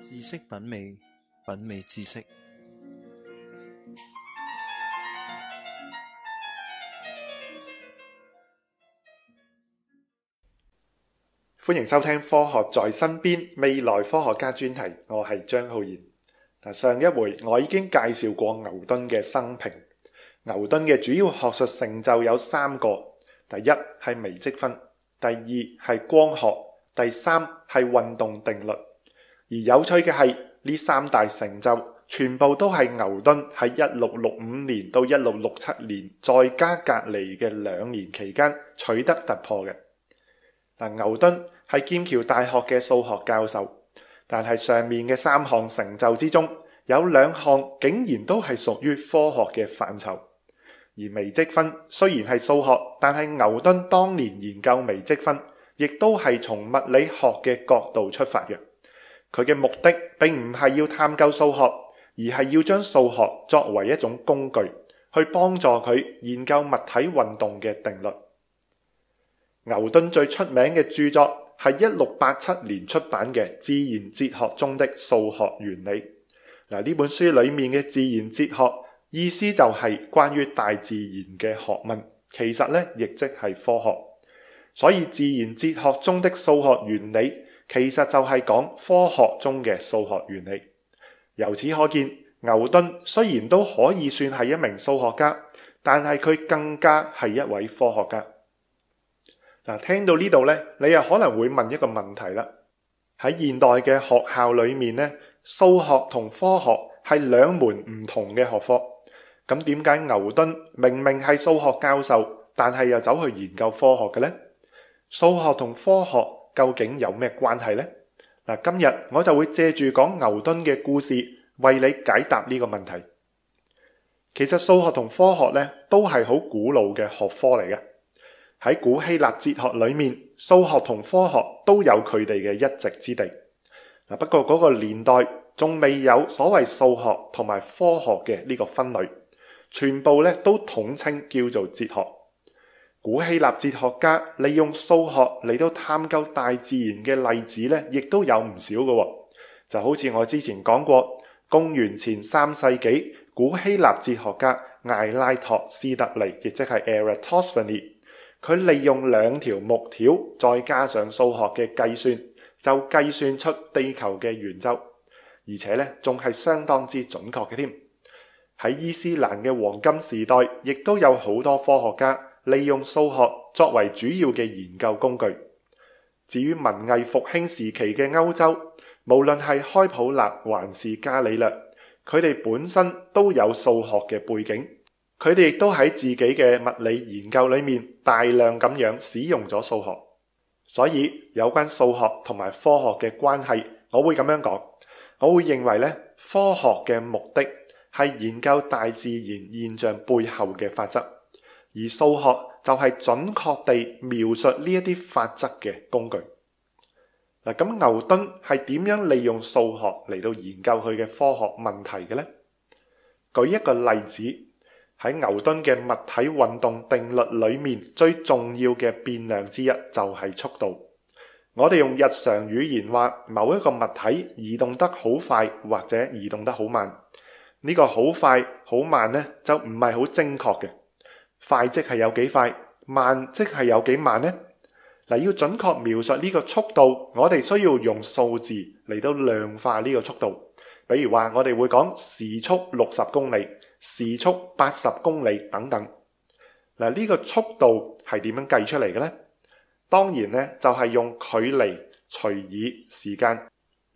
知識品味，品味知識。歡迎收聽《科學在身邊》未來科學家專題，我係張浩然。嗱，上一回我已經介紹過牛頓嘅生平。牛頓嘅主要學術成就有三個：第一係微積分，第二係光學。第三係運動定律，而有趣嘅係，呢三大成就全部都係牛頓喺一六六五年到一六六七年再加隔離嘅兩年期間取得突破嘅。嗱，牛頓係劍橋大學嘅數學教授，但係上面嘅三項成就之中，有兩項竟然都係屬於科學嘅範疇，而微積分雖然係數學，但係牛頓當年研究微積分，亦都係從物理學嘅角度出發嘅，佢嘅目的並唔係要探究數學，而係要將數學作為一種工具，去幫助佢研究物體運動嘅定律。牛頓最出名嘅著作係一六八七年出版嘅《自然哲學中的數學原理》。嗱，呢本書裏面嘅自然哲學意思就係關於大自然嘅學問，其實呢亦即係科學。所以自然哲學中的數學原理其實就係講科學中嘅數學原理。由此可見，牛頓雖然都可以算係一名數學家，但係佢更加係一位科學家。嗱，聽到呢度呢，你又可能會問一個問題啦：喺現代嘅學校裏面呢，數學同科學係兩門唔同嘅學科，咁點解牛頓明明係數學教授，但係又走去研究科學嘅呢？數學同科學究竟有咩關係呢？嗱，今日我就會借住講牛頓嘅故事，為你解答呢個問題。其實數學同科學呢都係好古老嘅學科嚟嘅。喺古希臘哲學裏面，數學同科學都有佢哋嘅一席之地。嗱，不過嗰個年代仲未有所謂數學同埋科學嘅呢個分類，全部呢都統稱叫做哲學。古希臘哲學家利用數學嚟到探究大自然嘅例子呢，亦都有唔少噶喎。就好似我之前講過，公元前三世紀古希臘哲學家艾拉托斯特尼，亦即係 Eratosthenes，佢利用兩條木條，再加上數學嘅計算，就計算出地球嘅圓周，而且呢，仲係相當之準確嘅添。喺伊斯蘭嘅黃金時代，亦都有好多科學家。利用數學作為主要嘅研究工具。至於文藝復興時期嘅歐洲，無論係開普勒還是伽利略，佢哋本身都有數學嘅背景，佢哋亦都喺自己嘅物理研究裏面大量咁樣使用咗數學。所以有關數學同埋科學嘅關係，我會咁樣講，我會認為咧，科學嘅目的係研究大自然現象背後嘅法則。而數學就係準確地描述呢一啲法則嘅工具。嗱，咁牛頓係點樣利用數學嚟到研究佢嘅科學問題嘅呢？舉一個例子，喺牛頓嘅物體運動定律裏面，最重要嘅變量之一就係速度。我哋用日常語言話，某一個物體移動得好快或者移動得好慢，呢個好快好慢呢，就唔係好精確嘅。快即係有幾快，慢即係有幾慢呢？嗱，要準確描述呢個速度，我哋需要用數字嚟到量化呢個速度。比如話，我哋會講時速六十公里，時速八十公里等等。嗱，呢個速度係點樣計出嚟嘅呢？當然呢，就係用距離除以時間，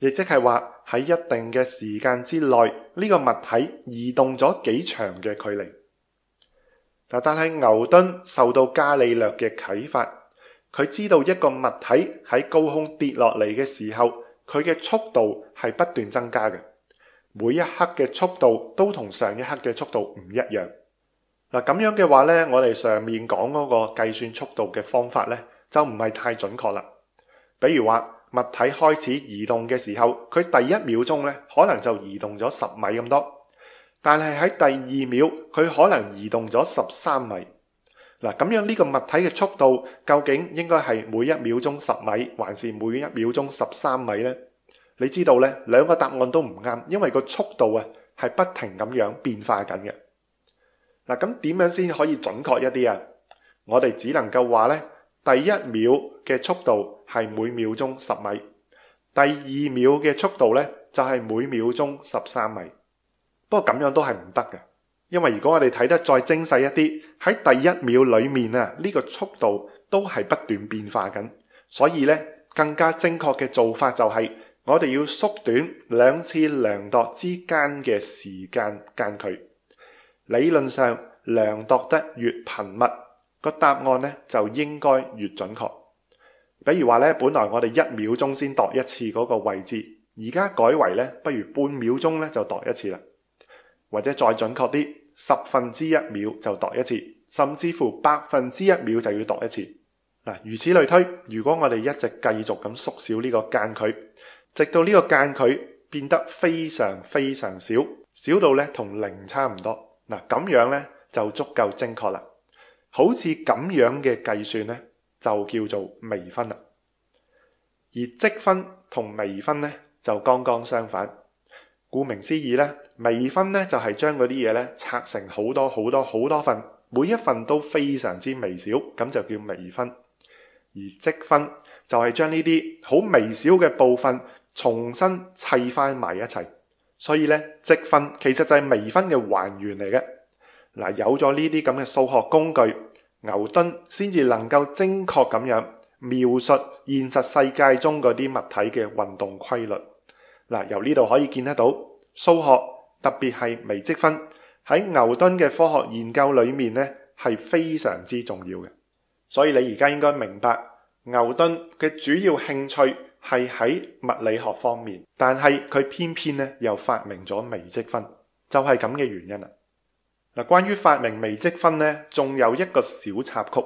亦即係話喺一定嘅時間之內，呢個物體移動咗幾長嘅距離。但係牛頓受到伽利略嘅啟發，佢知道一個物體喺高空跌落嚟嘅時候，佢嘅速度係不斷增加嘅，每一刻嘅速度都同上一刻嘅速度唔一樣。嗱，咁樣嘅話呢，我哋上面講嗰個計算速度嘅方法呢，就唔係太準確啦。比如話，物體開始移動嘅時候，佢第一秒鐘呢，可能就移動咗十米咁多。但係喺第二秒，佢可能移動咗十三米。嗱，咁樣呢個物體嘅速度究竟應該係每一秒鐘十米，還是每一秒鐘十三米呢？你知道呢，兩個答案都唔啱，因為個速度啊係不停咁樣變化緊嘅。嗱，咁點樣先可以準確一啲啊？我哋只能夠話呢，第一秒嘅速度係每秒鐘十米，第二秒嘅速度呢就係每秒鐘十三米。不過咁樣都係唔得嘅，因為如果我哋睇得再精細一啲，喺第一秒裏面啊，呢個速度都係不斷變化緊。所以咧，更加正確嘅做法就係我哋要縮短兩次量度之間嘅時間間距。理論上量度得越頻密，個答案咧就應該越準確。比如話咧，本來我哋一秒鐘先度一次嗰個位置，而家改為咧，不如半秒鐘咧就度一次啦。或者再準確啲，十分之一秒就度一次，甚至乎百分之一秒就要度一次。嗱，如此類推，如果我哋一直繼續咁縮小呢個間距，直到呢個間距變得非常非常少，少到呢同零差唔多。嗱，咁樣呢就足夠精確啦。好似咁樣嘅計算呢，就叫做微分啦。而積分同微分呢，就剛剛相反。顧名思義咧，微分咧就係將嗰啲嘢咧拆成好多好多好多份，每一份都非常之微小，咁就叫微分。而積分就係將呢啲好微小嘅部分重新砌翻埋一齊。所以呢，積分其實就係微分嘅還原嚟嘅。嗱，有咗呢啲咁嘅數學工具，牛頓先至能夠精確咁樣描述現實世界中嗰啲物體嘅運動規律。嗱，由呢度可以見得到，數學特別係微積分喺牛頓嘅科學研究裏面呢，係非常之重要嘅。所以你而家應該明白，牛頓嘅主要興趣係喺物理學方面，但係佢偏偏呢又發明咗微積分，就係咁嘅原因啦。嗱，關於發明微積分呢，仲有一個小插曲。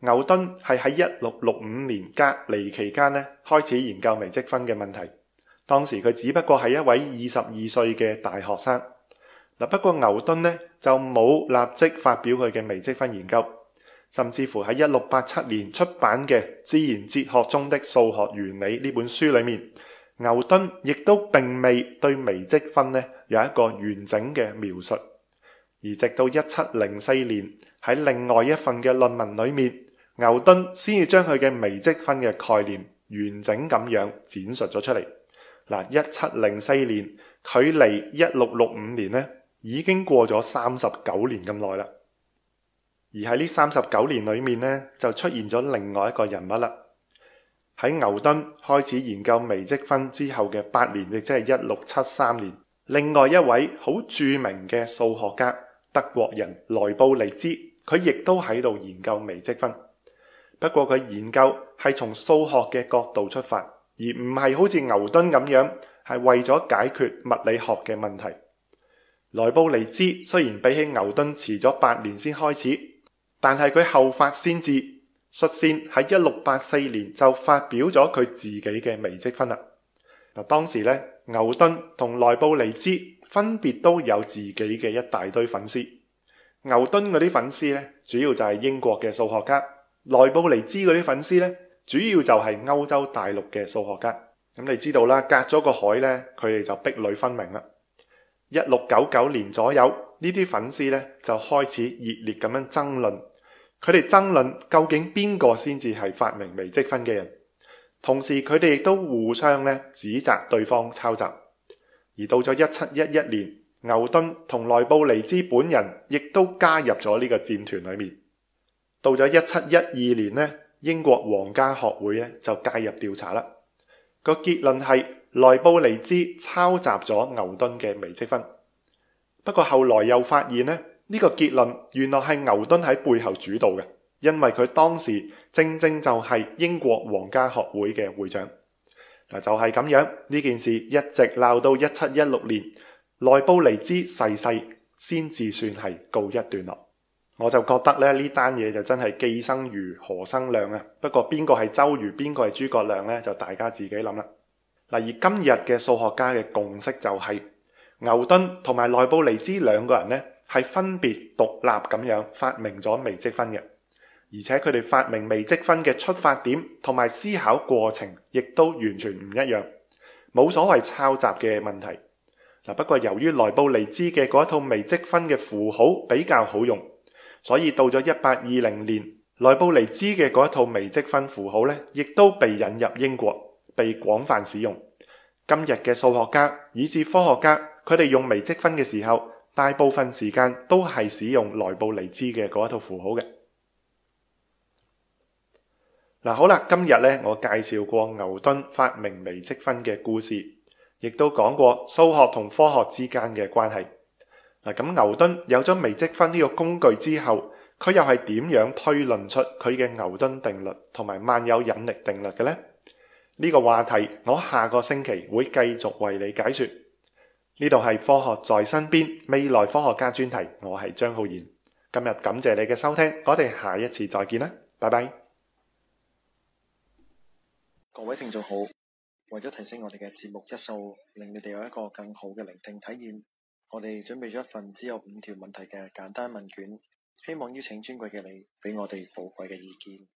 牛頓係喺一六六五年隔離期間呢，開始研究微積分嘅問題。當時佢只不過係一位二十二歲嘅大學生。嗱，不過牛頓呢就冇立即發表佢嘅微積分研究，甚至乎喺一六八七年出版嘅《自然哲學中的數學原理》呢本書裏面，牛頓亦都並未對微積分呢有一個完整嘅描述。而直到一七零四年，喺另外一份嘅論文裏面，牛頓先至將佢嘅微積分嘅概念完整咁樣展述咗出嚟。嗱，一七零四年，距離一六六五年呢已經過咗三十九年咁耐啦。而喺呢三十九年裏面呢，就出現咗另外一個人物啦。喺牛頓開始研究微積分之後嘅八年，亦即係一六七三年，另外一位好著名嘅數學家，德國人萊布尼茲，佢亦都喺度研究微積分。不過佢研究係從數學嘅角度出發。而唔係好似牛頓咁樣，係為咗解決物理學嘅問題。萊布尼茲雖然比起牛頓遲咗八年先開始，但係佢後發先至，率先喺一六八四年就發表咗佢自己嘅微積分啦。嗱，當時呢，牛頓同萊布尼茲分別都有自己嘅一大堆粉絲。牛頓嗰啲粉絲呢，主要就係英國嘅數學家；萊布尼茲嗰啲粉絲呢，主要就係歐洲大陸嘅數學家，咁你知道啦，隔咗個海呢，佢哋就壁壘分明啦。一六九九年左右，呢啲粉絲呢，就開始熱烈咁樣爭論，佢哋爭論究竟邊個先至係發明微積分嘅人，同時佢哋亦都互相呢，指責對方抄襲。而到咗一七一一年，牛頓同萊布尼茲本人亦都加入咗呢個戰團裏面。到咗一七一二年呢。英國皇家學會咧就介入調查啦，個結論係萊布尼茲抄襲咗牛頓嘅微積分。不過後來又發現咧，呢、呢個結論原來係牛頓喺背後主導嘅，因為佢當時正正就係英國皇家學會嘅會長。嗱就係、係、咁樣，呢件事一直鬧到一七一六年，萊布尼茲逝世先至算係告一段落。我就覺得咧，呢單嘢就真係既生瑜何生亮啊。不過邊個係周瑜，邊個係諸葛亮呢？就大家自己諗啦。嗱，而今日嘅數學家嘅共識就係、是、牛頓同埋萊布尼茲兩個人呢，係分別獨立咁樣發明咗微積分嘅，而且佢哋發明微積分嘅出發點同埋思考過程亦都完全唔一樣，冇所謂抄襲嘅問題嗱。不過由於萊布尼茲嘅嗰一套微積分嘅符號比較好用。所以到咗一八二零年，萊布尼茲嘅嗰一套微積分符號呢，亦都被引入英國，被廣泛使用。今日嘅數學家以至科學家，佢哋用微積分嘅時候，大部分時間都係使用萊布尼茲嘅嗰一套符號嘅。嗱、嗯，好啦，今日呢，我介紹過牛頓發明微積分嘅故事，亦都講過數學同科學之間嘅關係。嗱，咁牛頓有咗微積分呢個工具之後，佢又係點樣推論出佢嘅牛頓定律同埋萬有引力定律嘅呢？呢、呢個話題我下個星期會繼續為你解說。呢度係科學在身邊未來科學家專題，我係張浩然。今日感謝你嘅收聽，我哋下一次再見啦，拜拜。各位聽眾好，為咗提升我哋嘅節目質素，令你哋有一個更好嘅聆聽體驗。我哋準備咗一份只有五條問題嘅簡單問卷，希望邀請尊貴嘅你，俾我哋寶貴嘅意見。